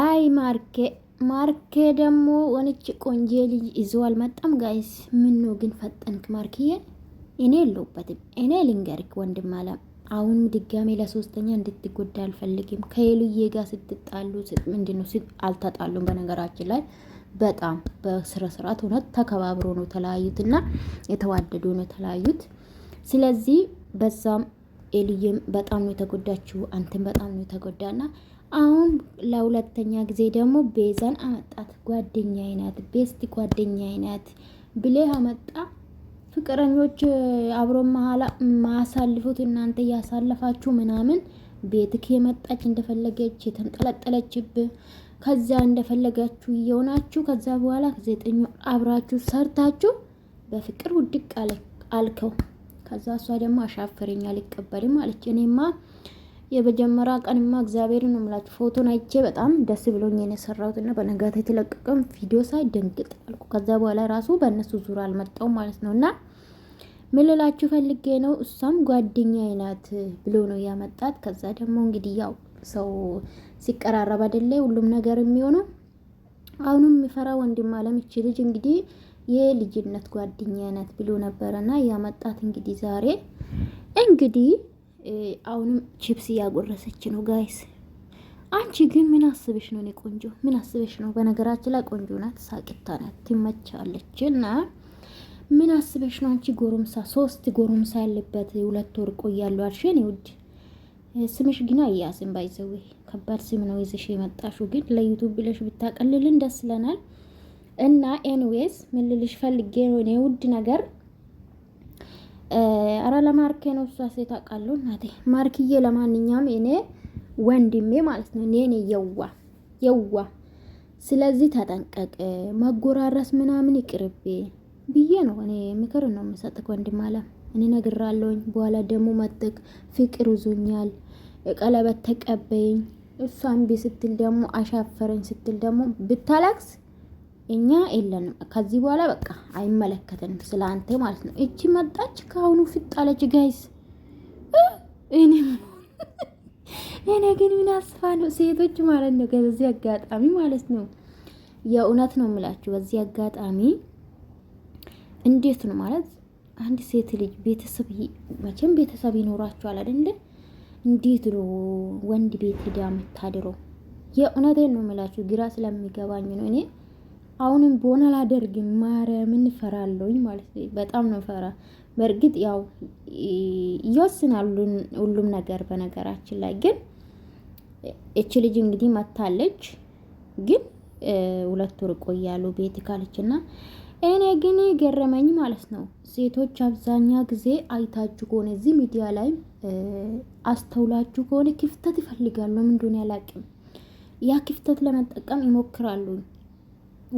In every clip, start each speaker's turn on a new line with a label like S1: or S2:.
S1: አይ ማርኬ ማርኬ ደግሞ ወንች ቆንጆ ልጅ ይዞ አልመጣም። ጋይስ ምን ነው ግን ፈጠንክ ማርክዬ? እኔ የለውበትም እኔ ልንገርክ ወንድም አለም አሁን ድጋሜ ለሶስተኛ እንድትጎዳ አልፈልግም። ከሄሉዬ ጋር ስትጣሉ ምንድን ነው አልተጣሉም። በነገራችን ላይ በጣም በስነ ስርዓት እውነት ተከባብሮ ነው ተለያዩትና የተዋደዱ ነው ተለያዩት። ስለዚህ በዛም ሄሉዬም በጣም ነው የተጎዳችው፣ አንተም በጣም ነው የተጎዳና አሁን ለሁለተኛ ጊዜ ደግሞ ቤዛን አመጣት። ጓደኛ አይናት ቤስት ጓደኛ አይናት ብሌ አመጣ። ፍቅረኞች አብሮ መሀላ ማሳልፉት እናንተ እያሳለፋችሁ ምናምን ቤትክ የመጣች እንደፈለገች የተንጠለጠለችብ ከዛ እንደፈለጋችሁ እየሆናችሁ ከዛ በኋላ ዘጠኝ አብራችሁ ሰርታችሁ በፍቅር ውድቅ አልከው። ከዛ እሷ ደግሞ አሻፈረኝ አልቀበልም አለች እኔማ የመጀመሪያ ቀንማ እግዚአብሔር ነው የምላችሁ ፎቶን አይቼ በጣም ደስ ብሎኝ ነው የሰራሁት እና በነጋታ የተለቀቀም ቪዲዮ ሳይ ደንግጥ አልኩ። ከዛ በኋላ ራሱ በእነሱ ዙር አልመጣው ማለት ነው እና ምልላችሁ ፈልጌ ነው። እሷም ጓደኛ አይናት ብሎ ነው ያመጣት። ከዛ ደግሞ እንግዲህ ያው ሰው ሲቀራረብ አይደለ ሁሉም ነገር የሚሆነው። አሁንም የሚፈራ ወንድም አለም ልጅ እንግዲህ የልጅነት ጓደኛ ይነት ብሎ ነበረና ያመጣት እንግዲህ ዛሬ እንግዲህ አሁንም ቺፕስ እያጎረሰች ነው ጋይስ። አንቺ ግን ምን አስበሽ ነው? እኔ ቆንጆ ምን አስበሽ ነው? በነገራችን ላይ ቆንጆ ናት፣ ሳቂታ ናት፣ ትመቻለች። እና ምን አስበሽ ነው አንቺ ጎረምሳ፣ ሶስት ጎረምሳ ያለበት ሁለት ወር ቆያለሁ አልሽ። እኔ ውድ ስምሽ ግን አያስም ባይዘው፣ ከባድ ስም ነው ይዘሽ የመጣሽው። ግን ለዩቱብ ብለሽ ብታቀልልን ደስ ይለናል። እና ኤንዌዝ ምን ልልሽ ፈልጌ ነው እኔ ውድ ነገር አረ ለማርኬ ነው እሷ ሴት አውቃለሁ እናቴ ማርክዬ። ለማንኛውም እኔ ወንድሜ ማለት ነው እኔ የዋ የዋ ስለዚህ ተጠንቀቅ፣ መጎራረስ ምናምን ይቅርቤ ብዬ ነው እኔ ምክር ነው የምሰጥክ ወንድም አለ እኔ ነግራለሁኝ። በኋላ ደግሞ መጥቅ ፍቅር ይዞኛል ቀለበት ተቀበይኝ እሷ እምቢ ስትል ደግሞ አሻፈረኝ ስትል ደግሞ ብታላክስ እኛ የለንም። ከዚህ በኋላ በቃ አይመለከተንም ስለ አንተ ማለት ነው። እቺ መጣች ከአሁኑ ፍጣለች ጋይስ እኔ ግን ምን አስፋ ነው ሴቶች ማለት ነው። ከዚህ አጋጣሚ ማለት ነው የእውነት ነው የምላችሁ። በዚህ አጋጣሚ እንዴት ነው ማለት አንድ ሴት ልጅ ቤተሰብ መቼም ቤተሰብ ይኖራቸዋል አይደል? እንዴት ነው ወንድ ቤት ሄዳ የምታድረው? የእውነቴን ነው የምላችሁ ግራ ስለሚገባኝ ነው እኔ አሁንም በሆነ አላደርግም ማርያምን እፈራለሁኝ ማለት ነው። በጣም ነው ፈራ። በእርግጥ ያው ይወስናል ሁሉም ነገር በነገራችን ላይ ግን እች ልጅ እንግዲህ መታለች። ግን ሁለት ወር ቆያሉ ቤት ካለች እኔ ግን ገረመኝ ማለት ነው። ሴቶች አብዛኛ ጊዜ አይታችሁ ከሆነ እዚህ ሚዲያ ላይ አስተውላችሁ ከሆነ ክፍተት ይፈልጋሉ። ምንድን ያላቅም ያ ክፍተት ለመጠቀም ይሞክራሉኝ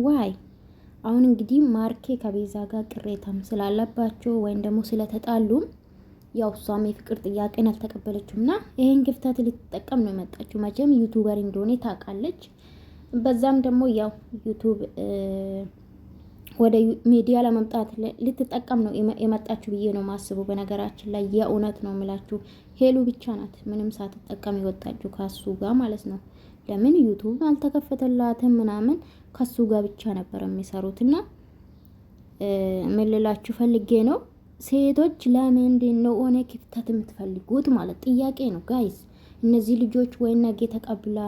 S1: ዋይ አሁን እንግዲህ ማርኬ ከቤዛ ጋር ቅሬታም ስላለባቸው ወይም ደግሞ ስለተጣሉም ያው እሷም የፍቅር ጥያቄን አልተቀበለችም እና ይህን ክፍተት ልትጠቀም ነው የመጣችው። መቼም ዩቱበር እንደሆነ ታውቃለች። በዛም ደግሞ ያው ዩቱብ ወደ ሚዲያ ለመምጣት ልትጠቀም ነው የመጣችሁ ብዬ ነው ማስቡ። በነገራችን ላይ የእውነት ነው የምላችሁ ሄሉ ብቻ ናት ምንም ሳትጠቀም ይወጣችሁ ከሱ ጋር ማለት ነው። ለምን ዩቱብ አልተከፈተላትም ምናምን ከሱ ጋር ብቻ ነበር የሚሰሩት። እና ምልላችሁ ፈልጌ ነው ሴቶች ለምንድን ነው ሆነ ክፍተት የምትፈልጉት? ማለት ጥያቄ ነው ጋይስ። እነዚህ ልጆች ወይ ነገ ተቀብላ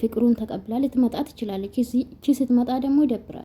S1: ፍቅሩን ተቀብላ ልትመጣ ትችላለች። እቺ ስትመጣ ደግሞ ይደብራል።